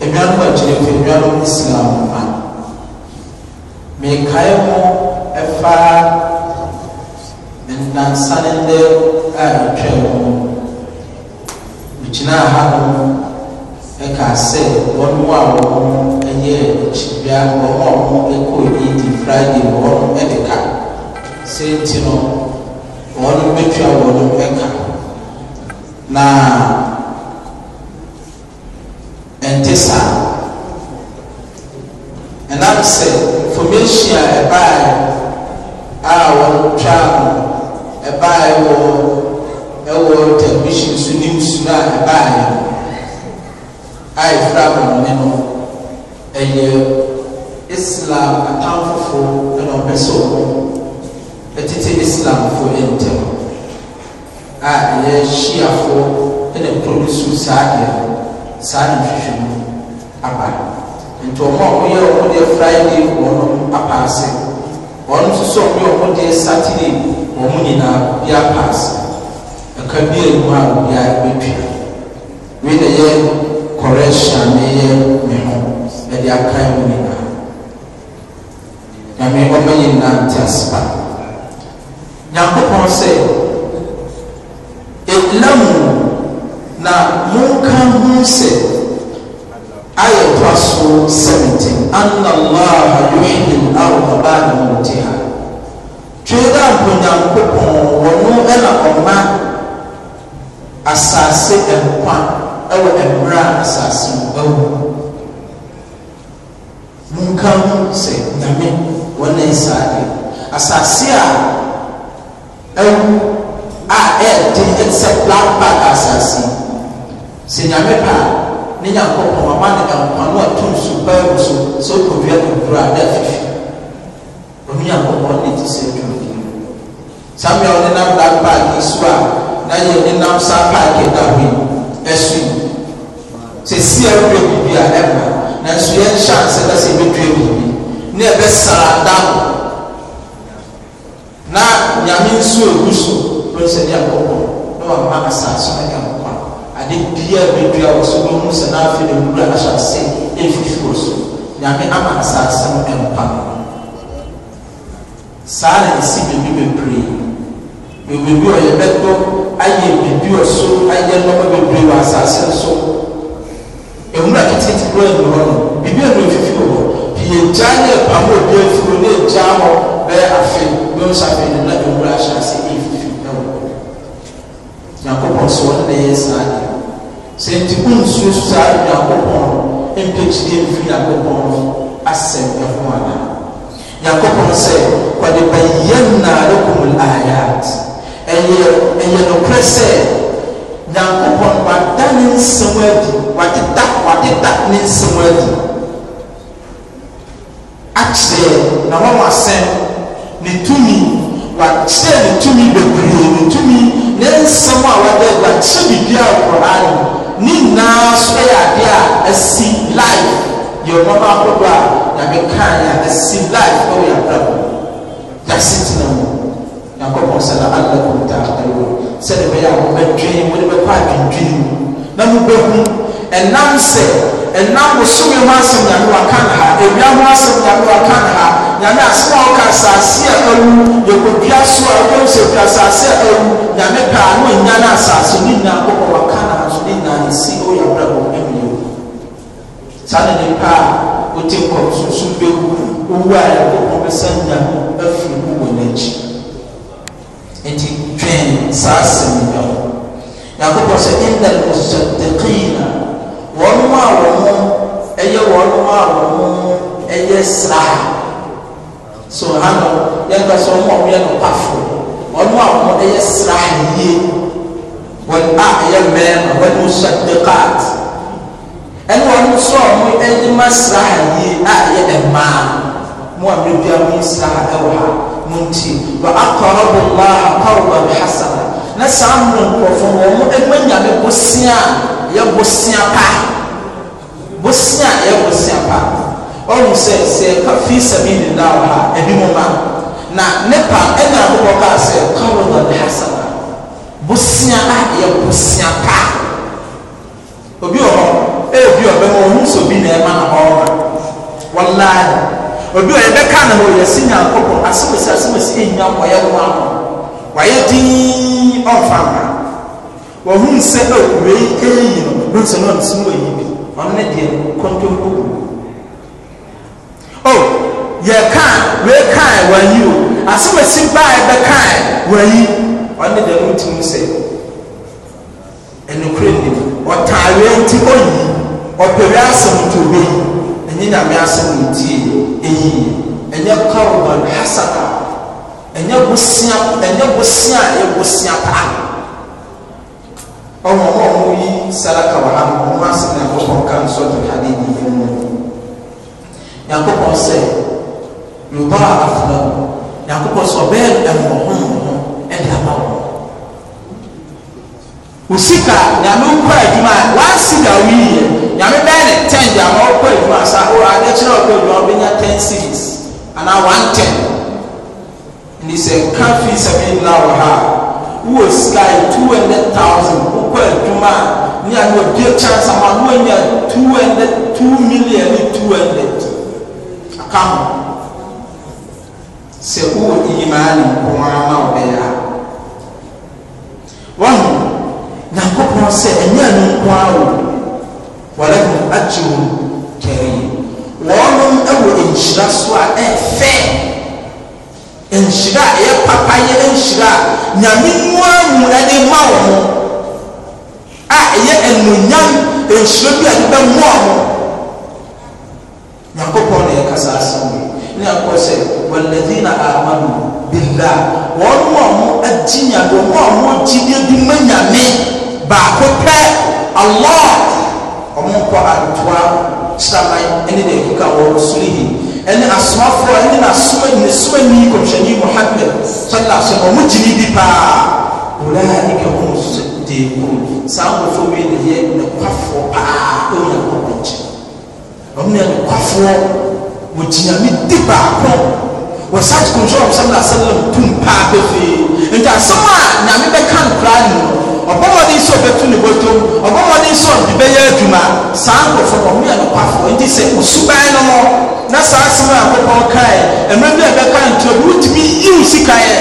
anuanom agyinafo anuanom islam a mekae ho ɛfa nnansa ne ndɛ a ɛtwɛn ho gyinaa ha no ɛka sɛ wɔn mu a wɔn ɛyɛ akyibia wɔn a wɔn ɛkɔ yidi friday wɔn ɛde ka sɛ nti no wɔn bɛtwa wɔn ɛka na. television so news no a ɛbaeɛ a ɛfira bɔnne no ɛyɛ islam atamfofoɔ na ɔpɛ sɛ ɔmo ɛtete islamfoɔ ntam a ɛyɛ hyiafoɔ na produce saa deɛ saa ne hwehwɛ mu aba nti ɔmo a ɔmo yɛ ɔmo deɛ friday wɔn no apaase wɔn nso so ɔmo yɛ ɔmo deɛ saturday wɔn nyinaa bi apaase ɛka bi a mu a obi a ɛbɛtwi wei na yɛ correction na yɛ me ho ɛde aka mu nyinaa nyame ɔma yɛ nyinaa nte asepa nyankopɔn sɛ ɛlamu na monka ho sɛ ayɛ toa so 17 anna allaha yuhyi al-ardha ba'da mawtiha twei dɛ a nkonyankopɔn wɔno ɛna ɔma asase nkwa ɛwɔ mmerɛ a asase mu ɛwɔ nka ho sɛ nyame wɔn nsa ade asase a ɛwɔ a ɛyɛde ɛte sɛ black bag asase sɛ nyame pa ne nyankopɔn ama ne nkwa no ato nsu baa mu so sɛ ɔkɔwia no kura a ɛfifi ɔno nyankopɔn ne ti nam saa paaki da hɔ yi ɛso yi sɛsi ɛwura bibi a ɛma nanso yɛn hyɛnse na sɛ ɛbɛdua bibi na ɛbɛsara da hɔ na nyame nso egu so wɔn sɛ deɛ kɔkɔ na wɔn ama asaase na ɛma kɔ ade bia ɛbɛdua wɔ so wɔn mu sɛ n'afe na ewura ahyɛ ase efifi wɔ so nyame ama asaase no ɛmpa saa na esi baabi bebree bebree bi a yɛbɛdɔ ayɛ biribi wɔ so ayɛ nneɛma bebree wɔ asase so ewura tete ti kura ɛnu hɔ no biribi ɛnu efifi wɔ hɔ pii egya ne ɛpam obi efuru ne egya hɔ bɛyɛ afe ne nsa fɛ ne na ewura ahyɛ ase efifi ɛwɔ hɔ nyakopɔn so wɔn na yɛ saa ne sɛ nti ko nsuo saa nyakopɔn mpɛkyire mfi nyakopɔn asɛm ɛho ana nyakopɔn sɛ wɔde bɛyɛ nnaa ɛkɔm ayat ɛyɛ ɛyɛ nokorɛ sɛ nyankopɔn wada ne nsɛm adi wadeda wadeda ne nsɛm adi akyerɛ na wɔn asɛm ne tumi wakyerɛ ne tumi bebree ne tumi ne nsɛm a wada wakyerɛ biribi a wɔra no ne nyinaa so yɛ adeɛ a asi life yɛ nneɛma ahodoɔ a nyame kaa yɛ asi life sɛde bɛyɛ a mobɛdwene mode bɛkɔ adwendwene mu na mobɛhu ɛnam sɛ ɛnam bosome ho asɛm nyame waka ne ha awia ho asɛm nyame waka ne ha nyame asɛm a woka asase a awu yɛkɔdua so a wobɛhu sɛ dua asase a awu nyame pɛ a ne ɔnya no asase ne nyinaa bɔbɔ waka ne ha so ne nyinaa ne si ɔyɛ abrabɔ awie saa ne nipa a wote nkɔmsonsom bɛwu wowu a yɛkɔkɔ bɛsa nyame afiri mu wɔ n'akyi ensasi mugaho nyankopɔn sɛ inda almusaddiqina wɔnom a wɔ mo ɛyɛ wɔnom a wɔ mo ɛyɛ sraa so hano yɛnka sɛ ɔmo a wɔyɛ nopafo ɔno a wɔn ɛyɛ sraa yie wɔn a ɛyɛ mmarima wɔn musaddiqat ɛne wɔn nso a wɔn ɛyɛ ma sraa yie a ɛyɛ mmaa mo a mmiri biara mo yɛ sraa ɛwɔ ha no nti wa akɔrɔbɔ laa akɔrɔbɔ hasana na saa mu nkurɔfoɔ wɔn mo ɛgbɛ nyame bosia yɛ bosia pa bosia yɛ bosia pa ɔmo sɛ sɛ kafi sɛbi ne da wɔ ha ɛbi mo ma na nepa ɛna akokɔ kaa sɛ kɔrɔbɔ hasana bosia a yɛ bosia pa obi wɔ hɔ ɛyɛ obi wɔ bɛma ɔmo nso bi na ɛma na ɔma wɔlaa obi a yɛbɛka na hɔ yɛsi nyankopɔ asomesi asomesi ɛnya ɔyɛ ho ahɔ wayɛ dinn ɔmfa mma wɔhun sɛ ɛwura oh, yi ɛyiyi no no sɛ no ɔnso no ɛyi bi ɔno ne deɛ kɔntɔn oh, kɔkɔ o yɛka wee kae wɔayi o asomesi baa yɛbɛkae wɔayi ɔno ne deɛ no ti mu sɛ ɛnukure ne mu ɔtaa wee ti ɔyi ɔpɛ wee asɛm to obeyi ɛnyɛ nyame asɛm ne tie eyi ɛnyɛ kawban hasada ɛnyɛ bosia ɛnyɛ bosia a ɛyɛ bosia taa ɔmo ɔmo ɔmo yi saraka wɔ ha ɔmo ase na ɛkɔkɔ nka nso de ha de yi yi mu yakokɔ sɛ yorùbá afra yakokɔ sɛ ɔbɛyɛ ɛmɔ ho ho ɛde ama wɔn osika nyame nkura adwuma. ka fi sabilillah wɔ ha wowɔ sika two hundred thousand wokɔ adwuma a ne a ne ɔbie chance ama ne wanya two hundred two million ne two hundred aka ho sɛ wowɔ imaani nko ara ma wɔbɛyɛ a wɔho nyankopɔn sɛ ɛnyɛ no nko ara wɔ wɔlɛho agye wɔn kɛrɛ wɔn wɔ nhyira so a ɛfɛ nhyira a ɛyɛ papayɛ nhyira a nyame nua nwura de ma wɔ ho a ɛyɛ anuonyam nhyira bi a nipa mua ho nyankopɔn na yɛkasa asɛm yi ne akɔ sɛ wɔlɛdi na amadu bila wɔn mu a wɔn agyi nyame wɔn a wɔn gyidie bi ma nyame baako pɛ allah wɔn kɔ atoa sraman ne deɛ keka wɔn so yi ɛne asomafoɔ ɛne n'asomani somani kɔmhyɛni muhammed sallallahu alaihi wa sallam ɔmo gyini bi paa ulaika hum sadiqun saa nkurɔfoɔ wei ne yɛ nekwafoɔ paa ɛwɔ nyankopɔn nkyɛn ɔmo ne yɛ nekwafoɔ wɔgyina me di baako wɔsa kɔmhyɛn ɔmo sallallahu alaihi sallam tum paa pefee nti asɛm a nyame bɛka bi bɛyɛ adwuma saa nkurɔfoɔ no ɔmo yɛ nokwafoɔ nti sɛ osuban no no na saa asɛm a akɔpɔn kae mmerɛ bi a ɛbɛka nti obi wotumi yiw sikaeɛ